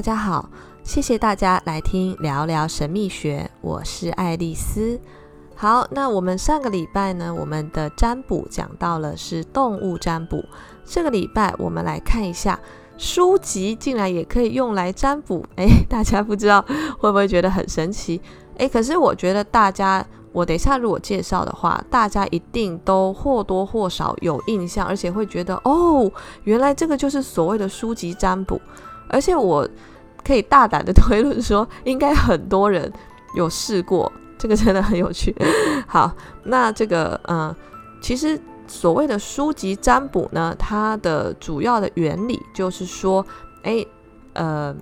大家好，謝謝大家來聽聊聊神祕學，我是愛麗絲。好，那我們上個禮拜呢，我們的占卜講到了是動物占卜，這個禮拜我們來看一下書籍竟然也可以用來占卜。誒，大家不知道會不會覺得很神奇？誒，可是我覺得大家，我等一下如果介紹的話，大家一定都或多或少有印象，而且會覺得哦，原來這個就是所謂的書籍占卜，而且我。可以大膽的推論說，應該很多人有試過，這個真的很有趣。 好，那這個，嗯，其實所謂的書籍占卜呢，它的主要的原理就是說，誒，呃，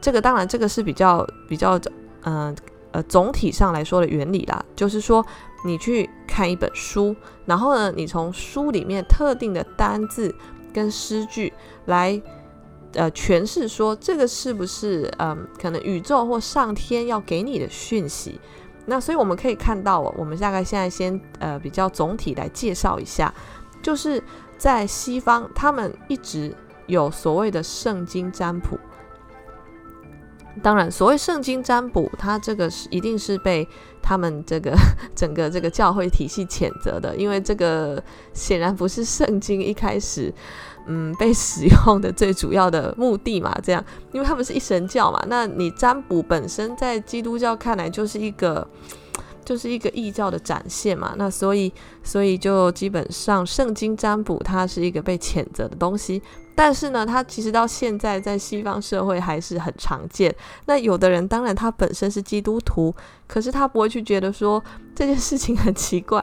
這個當然這個是比較比較，嗯，呃，呃，總體上來說的原理啦，就是說你去看一本書，然後呢，你從書裡面特定的單字跟詩句來。呃，詮釋說這個是不是嗯、呃，可能宇宙或上天要給你的訊息？那所以我們可以看到，我們大概現在先呃比較總體來介紹一下，就是在西方，他們一直有所謂的聖經占卜。當然，所謂聖經占卜，它這個是一定是被他們這個整個這個教會體系譴責的，因為這個顯然不是聖經一開始。嗯，被使用的最主要的目的嘛，這樣，因為他們是一神教嘛，那你占卜本身在基督教看來就是一個，就是一個異教的展現嘛，那所以，所以就基本上聖經占卜它是一個被譴責的東西。但是呢，他其實到現在在西方社會還是很常見。那有的人當然他本身是基督徒，可是他不會去覺得說這件事情很奇怪，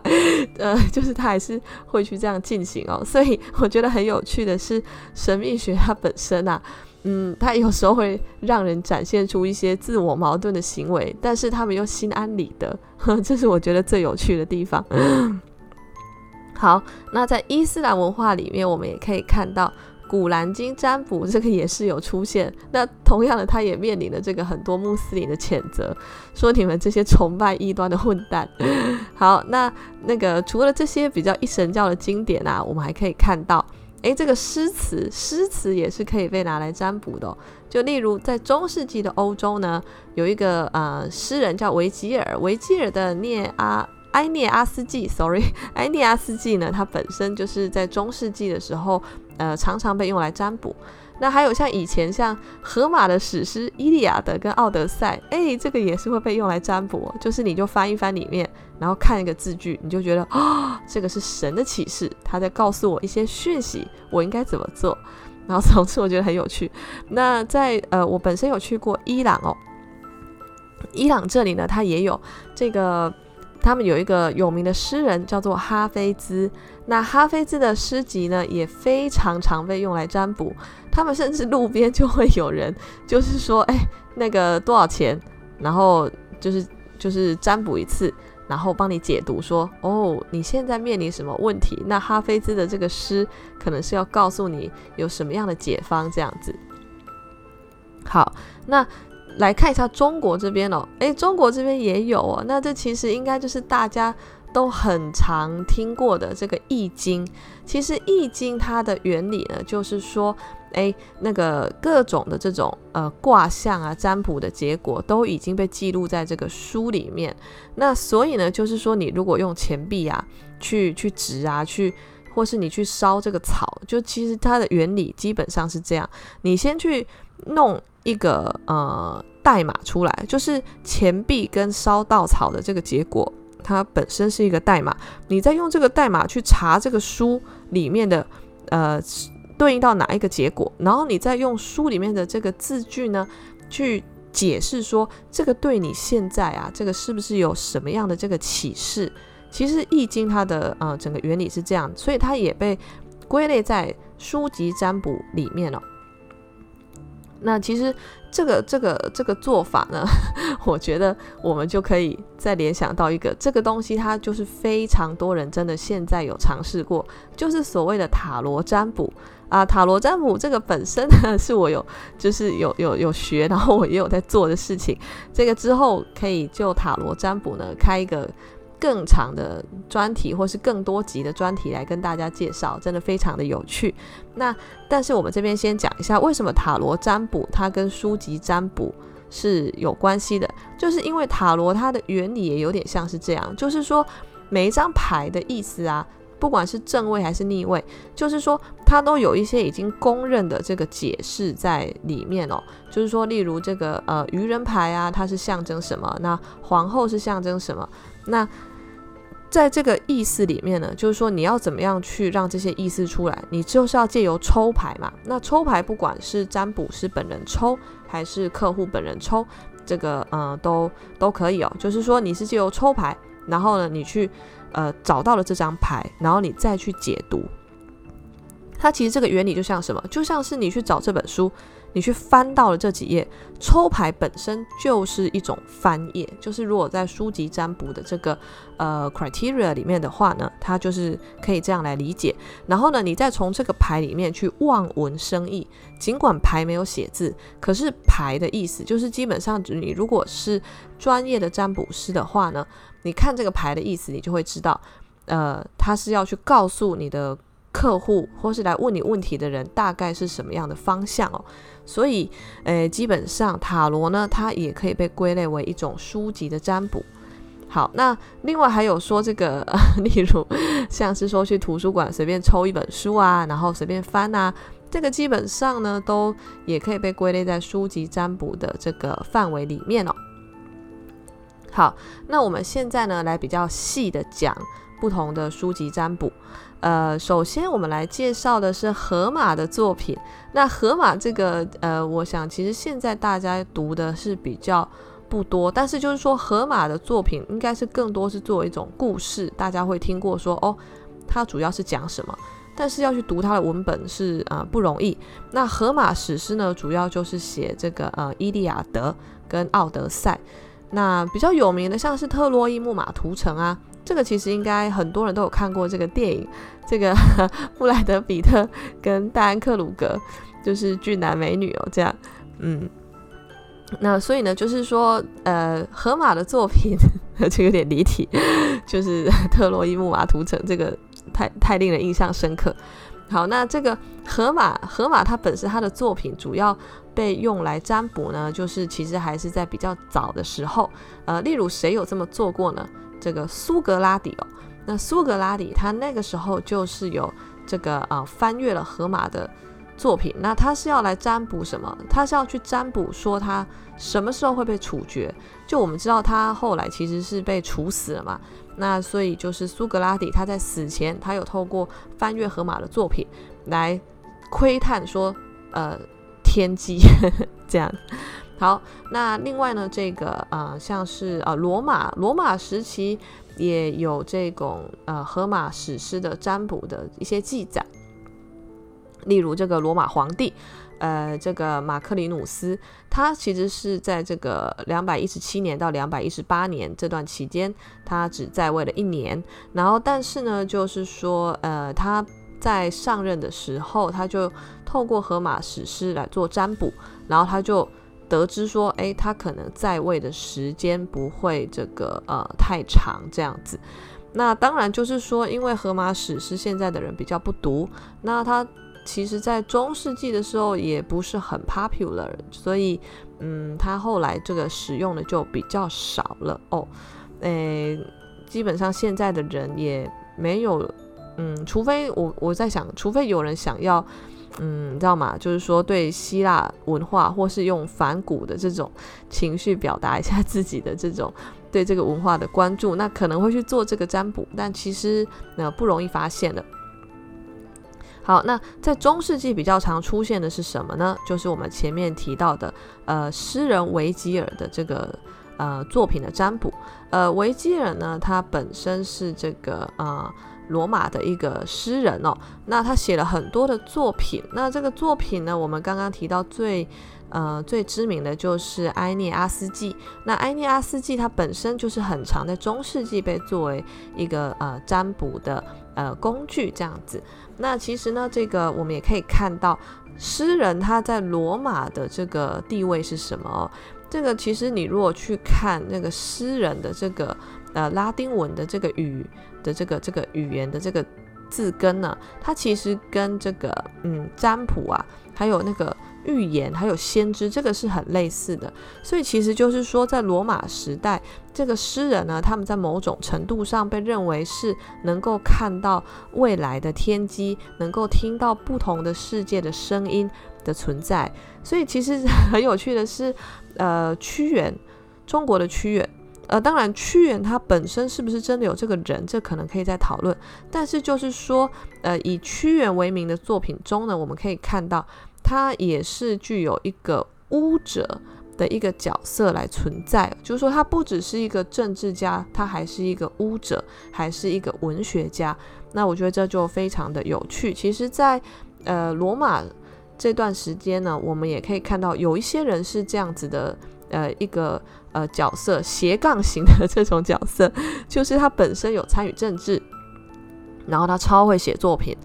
呃，就是他還是會去這樣進行哦。所以我覺得很有趣的是，神秘學它本身啊，嗯，它有時候會讓人展現出一些自我矛盾的行為，但是他們又心安理得，這是我覺得最有趣的地方。 好，那在伊斯蘭文化裡面，我們也可以看到。《古蘭經》占卜這個也是有出現，那同樣的，他也面臨着這個很多穆斯林的譴責，說你們這些崇拜異端的混蛋。好，那那個除了這些比較一神教的經典啊，我們還可以看到，誒，這個詩詞，詩詞也是可以被拿來占卜的哦。就例如在中世紀的歐洲呢，有一個呃詩人叫維吉爾，維吉爾的涅阿埃涅阿斯紀，sorry，埃涅阿斯紀呢，他本身就是在中世紀的時候。呃，常常被用來占卜。那還有像以前像荷馬的史詩《伊利亞德》跟《奧德賽》，誒，這個也是會被用來占卜。就是你就翻一翻裡面，然後看一個字句，你就覺得啊、哦，這個是神的啟示，他在告訴我一些訊息，我應該怎麼做。然後從此我覺得很有趣。那在呃，我本身有去過伊朗哦，伊朗這裡呢，它也有這個，他們有一個有名的詩人叫做哈菲茲。那哈菲茲的詩集呢，也非常常被用來占卜。他們甚至路邊就會有人，就是說，欸，那個多少錢？然後就是就是占卜一次，然後幫你解讀說，哦，你現在面臨什麼問題？那哈菲茲的這個詩，可能是要告訴你有什麼樣的解方這樣子。好，那來看一下中國這邊喔。欸，中國這邊也有喔。那這其實應該就是大家。都很常聽過的這個《易經》，其實《易經》它的原理呢，就是說，哎，那個各種的這種呃卦象啊、占卜的結果都已經被記錄在這個書裡面。那所以呢，就是說你如果用錢幣啊去去擲啊去，或是你去燒這個草，就其實它的原理基本上是這樣：你先去弄一個呃代碼出來，就是錢幣跟燒稻草的這個結果。它本身是一個代碼，你再用這個代碼去查這個書裡面的呃對應到哪一個結果，然後你再用書裡面的這個字句呢去解釋說這個對你現在啊這個是不是有什麼樣的這個啟示？其實《易經》它的呃整個原理是這樣，所以它也被歸類在書籍占卜裡面了。那其實這個這個這個做法呢，我覺得我們就可以再聯想到一個這個東西，它就是非常多人真的現在有嘗試過，就是所謂的塔羅占卜啊。塔羅占卜這個本身呢，是我有就是有有有學，然後我也有在做的事情。這個之後可以就塔羅占卜呢開一個。更長的專題，或是更多集的專題來跟大家介紹，真的非常的有趣。那但是我們這邊先講一下，為什麼塔羅占卜它跟書籍占卜是有關係的？就是因為塔羅它的原理也有點像是這樣，就是說每一張牌的意思啊，不管是正位還是逆位，就是說它都有一些已經公認的這個解釋在裡面哦。就是說例如這個呃愚人牌啊，它是象徵什麼？那皇後是象徵什麼？那在這個意思裡面呢，就是說你要怎麼樣去讓這些意思出來，你就是要借由抽牌嘛。那抽牌不管是占卜師本人抽還是客戶本人抽，這個嗯、呃、都都可以哦。就是說你是借由抽牌，然後呢，你去呃找到了這張牌，然後你再去解讀。它其實這個原理就像什麼？就像是你去找這本書，你去翻到了這幾頁。抽牌本身就是一種翻頁，就是如果在書籍占卜的這個呃 criteria 裡面的話呢，它就是可以這樣來理解。然後呢，你再從這個牌裡面去望文生義，儘管牌沒有寫字，可是牌的意思就是基本上你如果是專業的占卜師的話呢，你看這個牌的意思，你就會知道，呃，它是要去告訴你的。客戶或是來問你問題的人大概是什麼樣的方向哦，所以，誒，基本上塔羅呢，它也可以被歸類為一種書籍的占卜。好，那另外還有說這個，例如像是說去圖書館隨便抽一本書啊，然後隨便翻啊，這個基本上呢都也可以被歸類在書籍占卜的這個範圍裡面哦。好，那我們現在呢來比較細的講不同的書籍占卜。呃，首先我們來介紹的是荷馬的作品。那荷馬這個，呃，我想其實現在大家讀的是比較不多，但是就是說荷馬的作品應該是更多是作為一種故事，大家會聽過說哦，它主要是講什麼，但是要去讀它的文本是啊、呃、不容易。那荷馬史詩呢，主要就是寫這個呃《伊利亞德》跟《奧德賽》，那比較有名的像是特洛伊木馬屠城啊。這個其實應該很多人都有看過這個電影，這個布萊德彼特跟戴安克魯格就是俊男美女哦，這樣，嗯，那所以呢，就是說，呃，荷馬的作品就有點離題，就是特洛伊木馬屠城這個太太令人印象深刻。好，那這個荷馬，荷馬他本身他的作品主要被用來占卜呢，就是其實還是在比較早的時候，呃，例如誰有這麼做過呢？這個蘇格拉底哦，那蘇格拉底他那個時候就是有這個啊、呃、翻閱了荷馬的作品，那他是要來占卜什麼？他是要去占卜說他什麼時候會被處決，就我們知道他後來其實是被處死了嘛，那所以就是蘇格拉底他在死前，他有透過翻閱荷馬的作品來窺探說呃天機呵呵這樣。好，那另外呢，這個呃，像是呃，羅馬羅馬時期也有這種呃，荷馬史詩的占卜的一些記載，例如這個羅馬皇帝，呃，這個馬克里努斯，他其實是在這個兩百一十七年到兩百一十八年這段期間，他只在位了一年，然後但是呢，就是說呃，他在上任的時候，他就透過荷馬史詩來做占卜，然後他就。得知說，誒，他可能在位的時間不會這個呃太長這樣子。那當然就是說，因為荷馬史詩現在的人比較不讀，那他其實，在中世紀的時候也不是很 popular，所以嗯，他後來這個使用的就比較少了哦。誒，基本上現在的人也沒有嗯，除非我我在想，除非有人想要。嗯，你知道嗎？就是說，對希臘文化，或是用反古的這種情緒表達一下自己的這種對這個文化的關注，那可能會去做這個占卜，但其實那不容易發現的。好，那在中世紀比較常出現的是什麼呢？就是我們前面提到的，呃，詩人維吉爾的這個呃作品的占卜。呃，維吉爾呢，他本身是這個啊。呃羅馬的一個詩人哦，那他寫了很多的作品。那這個作品呢，我們剛剛提到最，呃，最知名的就是《埃涅阿斯紀》。那《埃涅阿斯紀》它本身就是很常在中世紀被作為一個呃占卜的呃工具這樣子。那其實呢，這個我們也可以看到詩人他在羅馬的這個地位是什麼哦。這個其實你如果去看那個詩人的這個呃拉丁文的這個語。的這個這個語言的這個字根呢，它其實跟這個嗯占卜啊，還有那個預言，還有先知這個是很類似的。所以其實就是說，在羅馬時代，這個詩人呢，他們在某種程度上被認為是能夠看到未來的天機，能夠聽到不同的世界的聲音的存在。所以其實很有趣的是，呃，屈原，中國的屈原。呃，當然，屈原他本身是不是真的有這個人，這可能可以再討論。但是就是說，呃，以屈原為名的作品中呢，我們可以看到他也是具有一個巫者的一個角色來存在。就是說，他不只是一個政治家，他還是一個巫者，還是一個文學家。那我覺得這就非常的有趣。其實在，在呃羅馬這段時間呢，我們也可以看到有一些人是這樣子的，呃，一個。呃，角色斜槓型的這種角色，就是他本身有參與政治，然後他超會寫作品，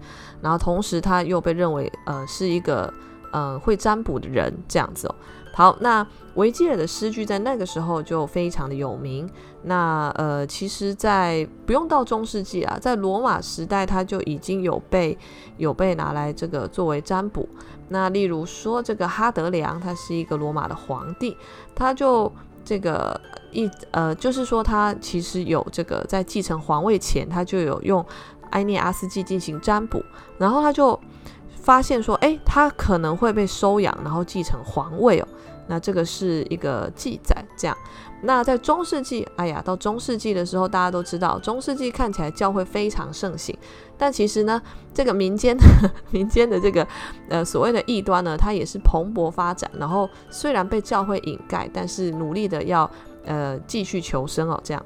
然後同時他又被認為呃是一個呃會占卜的人這樣子哦。好，那維吉爾的詩句在那個時候就非常的有名。那呃，其實在，在不用到中世紀啊，在羅馬時代他就已經有被有被拿來這個作為占卜。那例如說，這個哈德良他是一個羅馬的皇帝，他就。這個一呃，就是說他其實有這個在繼承皇位前，他就有用埃涅阿斯紀進行占卜，然後他就發現說，哎，他可能會被收養，然後繼承皇位哦。那這個是一個記載，這樣。那在中世紀，哎呀，到中世紀的時候，大家都知道，中世紀看起來教會非常盛行，但其實呢，這個民間呵呵民間的這個呃所謂的異端呢，它也是蓬勃發展。然後雖然被教會掩蓋，但是努力的要呃繼續求生哦，這樣。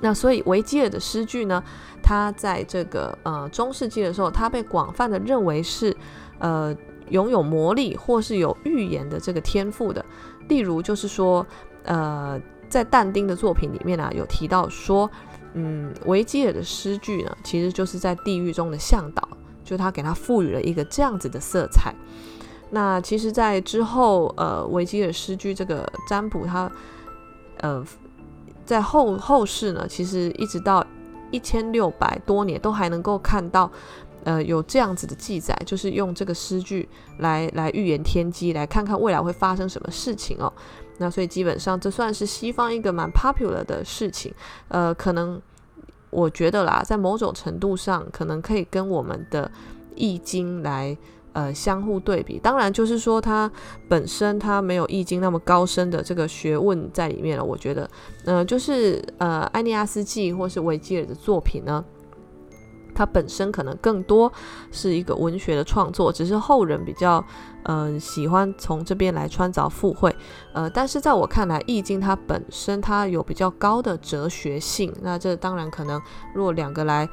那所以維吉爾的詩句呢，他在這個呃中世紀的時候，他被廣泛的認為是呃擁有魔力或是有預言的這個天賦的，例如就是說。呃，在但丁的作品裡面呢、啊，有提到說，嗯，維吉爾的詩句呢，其實就是在地獄中的向導，就他給他賦予了一個這樣子的色彩。那其實，在之後，呃，維吉爾詩句這個占卜他，他呃，在後後世呢，其實一直到一千六百多年，都還能夠看到。呃，有這樣子的記載，就是用這個詩句來來預言天機，來看看未來會發生什麼事情哦。那所以基本上這算是西方一個蠻 popular 的事情。呃，可能我覺得啦，在某種程度上，可能可以跟我們的易經來呃相互對比。當然，就是說它本身它沒有易經那麼高深的這個學問在裡面了。我覺得，嗯、呃，就是呃，埃尼亞斯記或是維吉爾的作品呢。它本身可能更多是一個文學的創作，只是後人比較，嗯、呃，喜歡從這邊來穿鑿附會，呃，但是在我看來，《易經》它本身它有比較高的哲學性，那這當然可能若兩個來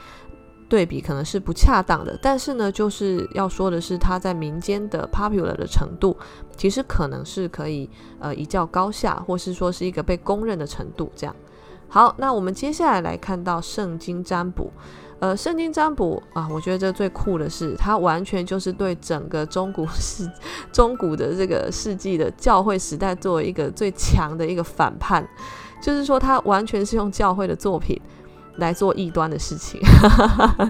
對比，可能是不恰當的。但是呢，就是要說的是，它在民間的 popular 的程度，其實可能是可以呃一較高下，或是說是一個被公認的程度，這樣。好，那我們接下來來看到聖經占卜。呃，聖經占卜啊，我覺得這最酷的是，它完全就是對整個中古世中古的這個世紀的教會時代作為一個最強的一個反叛，就是說它完全是用教會的作品來做異端的事情。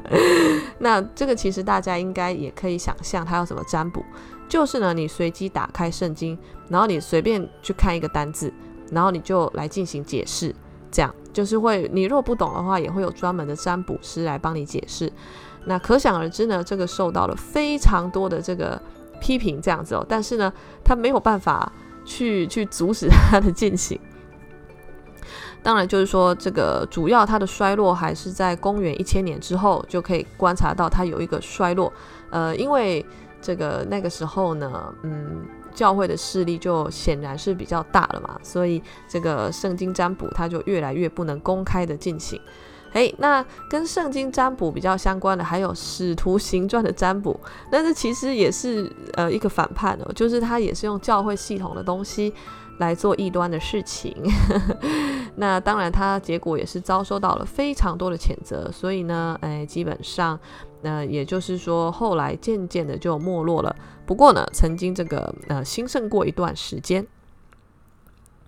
那這個其實大家應該也可以想象，它要怎麼占卜，就是呢，你隨機打開聖經，然後你隨便去看一個單字，然後你就來進行解釋，這樣。就是會，你若不懂的話，也會有專門的占卜師來幫你解釋。那可想而知呢，這個受到了非常多的這個批評，這樣子哦。但是呢，他沒有辦法去去阻止它的進行。當然，就是說這個主要它的衰落還是在公元一千年之後，就可以觀察到它有一個衰落。呃，因為這個那個時候呢，嗯。教會的勢力就顯然是比較大了嘛，所以這個聖經占卜它就越來越不能公開的進行。誒，那跟聖經占卜比較相關的還有使徒行傳的占卜，那這其實也是呃一個反叛哦，就是它也是用教會系統的東西。來做異端的事情， 那當然，他結果也是遭受到了非常多的譴責。所以呢，哎，基本上，那、呃、也就是說，後來漸漸的就沒落了。不過呢，曾經這個呃興盛過一段時間。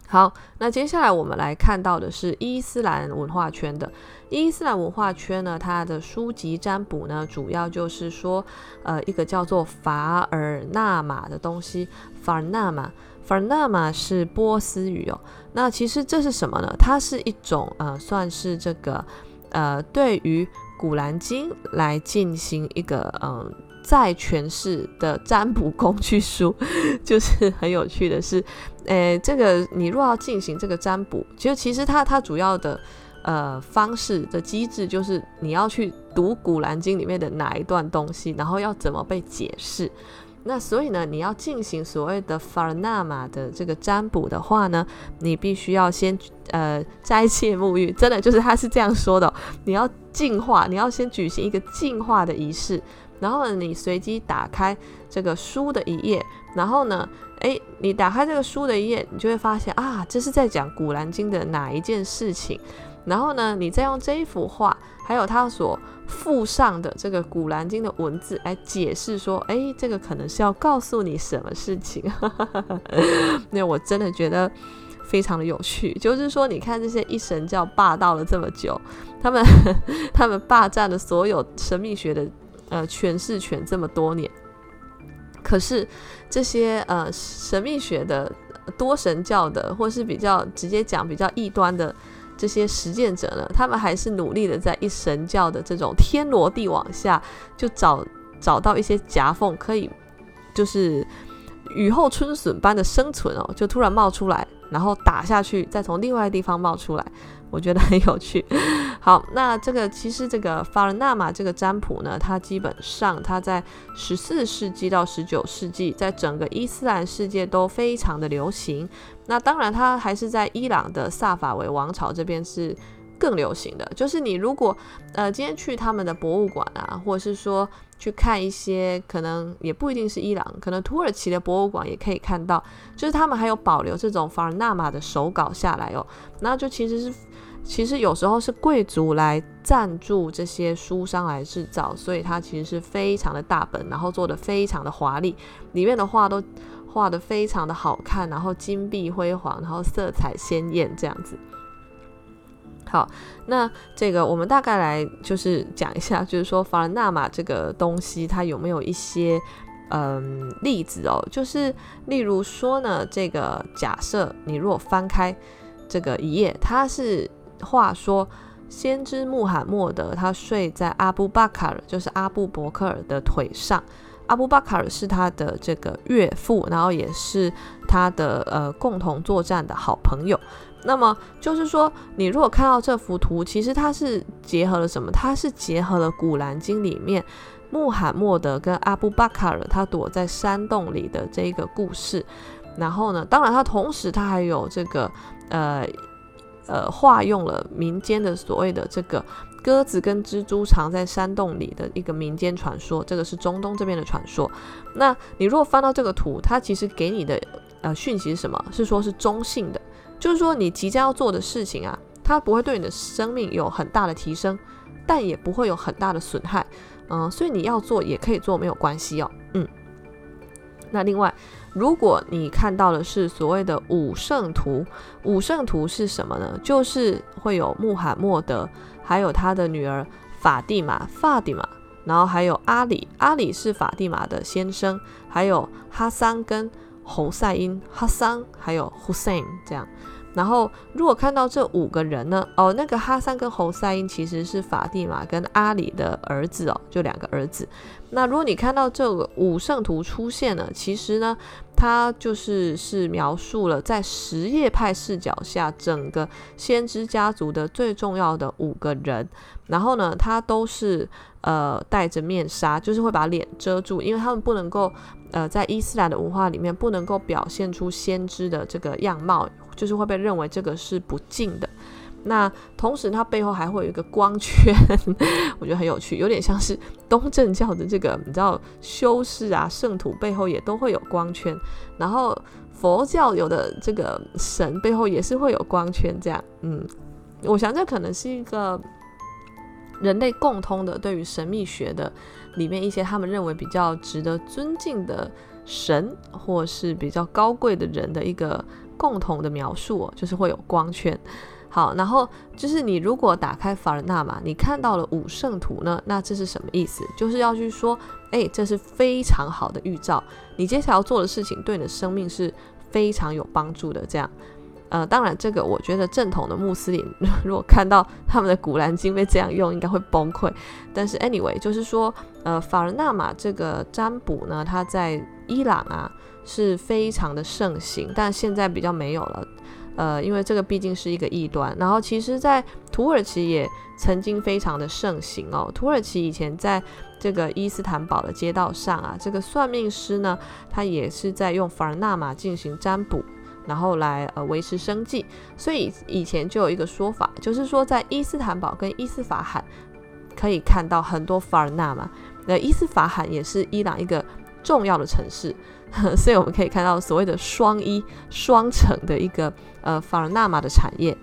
好，那接下來我們來看到的是伊斯蘭文化圈的。伊斯蘭文化圈呢，它的書籍占卜呢，主要就是說，呃，一個叫做法爾納瑪的東西，法爾納瑪。Fernama 是波斯語哦，那其實這是什麼呢？它是一種呃，算是這個呃，對於《古蘭經》來進行一個嗯、呃、再詮釋的占卜工具書。 就是很有趣的是，誒，這個你若要進行這個占卜，其實其實它它主要的呃方式的機制就是你要去讀《古蘭經》裡面的哪一段東西，然後要怎麼被解釋。那所以呢，你要進行所謂的法納瑪的這個占卜的話呢，你必須要先呃齋戒沐浴，真的就是他是這樣說的，哦，你要淨化，你要先舉行一個淨化的儀式，然後你隨機打開這個書的一頁，然後呢，誒、欸，你打開這個書的一頁，你就會發現啊，這是在講《古蘭經》的哪一件事情，然後呢，你再用這一幅畫，還有他所。附上的這個《古蘭經》的文字來解釋說，哎，這個可能是要告訴你什麼事情。 那我真的覺得非常的有趣，就是說，你看這些一神教霸道了這麼久，他們他們霸占了所有神秘學的呃詮釋權這麼多年，可是這些呃神秘學的多神教的，或是比較直接講比較異端的。這些實踐者呢，他們還是努力的在一神教的這種天羅地網下，就找找到一些夾縫，可以就是雨後春筍般的生存哦，就突然冒出來，然後打下去，再從另外地方冒出來，我覺得很有趣。 好，那這個其實這個法爾納瑪這個占卜呢，它基本上它在十四世紀到十九世紀，在整個伊斯蘭世界都非常的流行。那當然，它還是在伊朗的薩法維王朝這邊是更流行的。就是你如果呃今天去他們的博物館啊，或者是說去看一些，可能也不一定是伊朗，可能土耳其的博物館也可以看到，就是他們還有保留這種法爾納瑪的手稿下來哦。那就其實是其實有時候是貴族來贊助這些書商來制造，所以它其實是非常的大本，然後做得非常的華麗，裡面的畫都，畫得非常的好看，然後金碧輝煌，然後色彩鮮豔這樣子。好，那這個我們大概來就是講一下，就是說法蘭納瑪這個東西它有沒有一些嗯例子哦？就是例如說呢，這個假設你如果翻開這個一頁，它是話說先知穆罕默德他睡在阿布巴卡就是阿布伯克爾的腿上。阿布巴卡爾是他的這個岳父，然後也是他的呃共同作戰的好朋友。那麼就是說，你如果看到這幅圖，其實它是結合了什麼？它是結合了《古蘭經》裡面穆罕默德跟阿布巴卡爾他躲在山洞裡的這個故事。然後呢，當然他同時他還有這個呃呃，化用了民間的所謂的這個。鴿子跟蜘蛛藏在山洞裡的一個民間傳說，這個是中東這邊的傳說。那你如果翻到這個圖，它其實給你的呃訊息是什麼？是說是中性的，就是說你即將要做的事情啊，它不會對你的生命有很大的提升，但也不會有很大的損害。嗯，所以你要做也可以做，沒有關係哦。嗯，那另外，如果你看到的是所謂的五聖圖，五聖圖是什麼呢？就是會有穆罕默德。還有他的女兒法蒂瑪，法蒂瑪，然後還有阿里，阿里是法蒂瑪的先生，還有哈桑跟侯賽因，哈桑還有侯賽因，這樣。然後，如果看到這五個人呢？哦，那個哈桑跟侯賽因其實是法蒂瑪跟阿里的兒子哦，就兩個兒子。那如果你看到這個五聖圖出現了，其實呢，它就是是描述了在什葉派視角下整個先知家族的最重要的五個人。然後呢，他都是呃戴着面紗，就是會把臉遮住，因為他們不能夠。呃，在伊斯蘭的文化裡面，不能夠表現出先知的這個樣貌，就是會被認為這個是不敬的。那同時，它背後還會有一個光圈， 我覺得很有趣，有點像是東正教的這個，你知道，修士啊、聖徒背後也都會有光圈。然後佛教有的這個神背後也是會有光圈，這樣，嗯，我想這可能是一個人類共通的對於神祕學的裡面一些他們認為比較值得尊敬的神，或是比較高貴的人的一個共同的描述，哦，就是會有光圈。好，然後就是你如果打開法爾納瑪，你看到了五聖圖呢，那這是什麼意思？就是要去說，哎，這是非常好的預兆，你接下來要做的事情對你的生命是非常有幫助的。這樣，呃，當然這個我覺得正統的穆斯林如果看到他們的古蘭經被這樣用，應該會崩潰。但是 anyway，就是說。呃，法爾納瑪這個占卜呢，它在伊朗啊是非常的盛行，但現在比較沒有了。呃，因為這個畢竟是一個異端。然後其實，在土耳其也曾經非常的盛行哦。土耳其以前在這個伊斯坦堡的街道上啊，這個算命師呢，他也是在用法爾納瑪進行占卜，然後來呃維持生計。所以以前就有一個說法，就是說在伊斯坦堡跟伊斯法罕可以看到很多法爾納瑪。那伊斯法罕也是伊朗一個重要的城市，呵，所以我們可以看到所謂的“雙一雙城”的一個呃法爾納瑪的產業。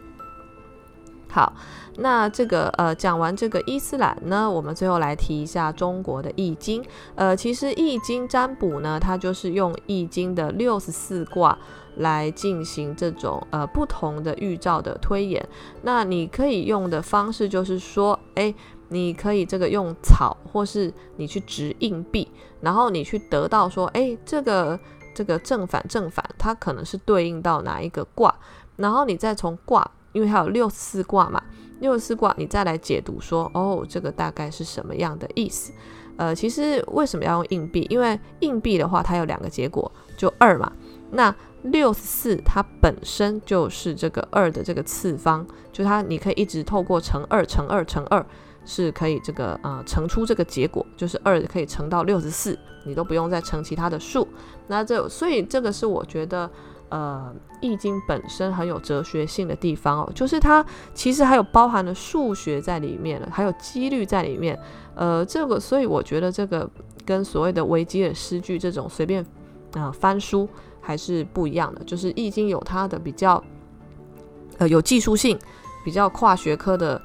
好，那這個呃講完這個伊斯蘭呢，我們最後來提一下中國的易經。呃，其實易經占卜呢，它就是用易經的六十四卦來進行這種呃不同的預兆的推演。那你可以用的方式就是說，哎。你可以這個用草，或是你去擲硬幣，然後你去得到說，誒，這個這個正反正反，它可能是對應到哪一個卦，然後你再從卦，因為它有六十四卦嘛，六十四卦你再來解讀說，哦，這個大概是什麼樣的意思？呃，其實為什麼要用硬幣？因為硬幣的話，它有兩個結果，就二嘛。那六十四它本身就是這個二的這個次方，就它你可以一直透過乘二、乘二、乘二。是可以這個啊、呃、乘出這個結果，就是二可以乘到六十四，你都不用再乘其他的數。那這所以這個是我覺得呃易經本身很有哲學性的地方哦，就是它其實還有包含了數學在裡面還有幾率在裡面。呃，這個所以我覺得這個跟所謂的維吉爾詩句這種隨便啊、呃、翻書還是不一樣的，就是易經有它的比較呃有技術性，比較跨學科的。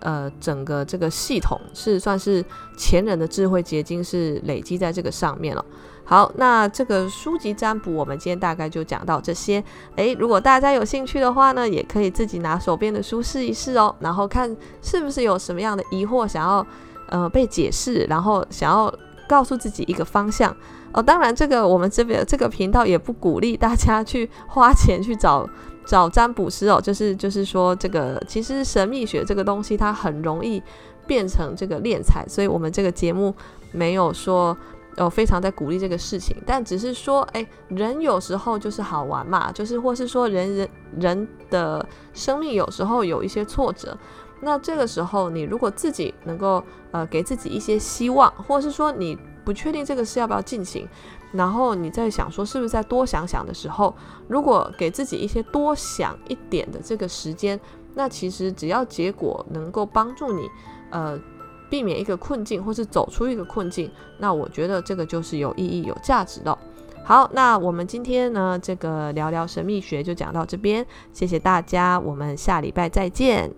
呃，整個這個系統是算是前人的智慧結晶，是累積在這個上面了哦。好，那這個書籍占卜，我們今天大概就講到這些。誒，如果大家有興趣的話呢，也可以自己拿手邊的書試一試哦，然後看是不是有什麼樣的疑惑想要呃被解釋，然後想要告訴自己一個方向哦。當然，這個我們這邊這個頻道也不鼓勵大家去花錢去找。找占卜師哦，就是就是說，這個其實神秘學這個東西，它很容易變成這個斂財，所以我們這個節目沒有說呃、哦、非常在鼓勵這個事情，但只是說，哎，人有時候就是好玩嘛，就是或是說人，人人人的生命有時候有一些挫折，那這個時候你如果自己能夠呃給自己一些希望，或是說你不確定這個事要不要進行。然後你在想說是不是再多想想的時候，如果給自己一些多想一點的這個時間，那其實只要結果能夠幫助你，呃，避免一個困境或是走出一個困境，那我覺得這個就是有意義、有價值的哦。好，那我們今天呢這個聊聊神秘學就講到這邊，謝謝大家，我們下禮拜再見。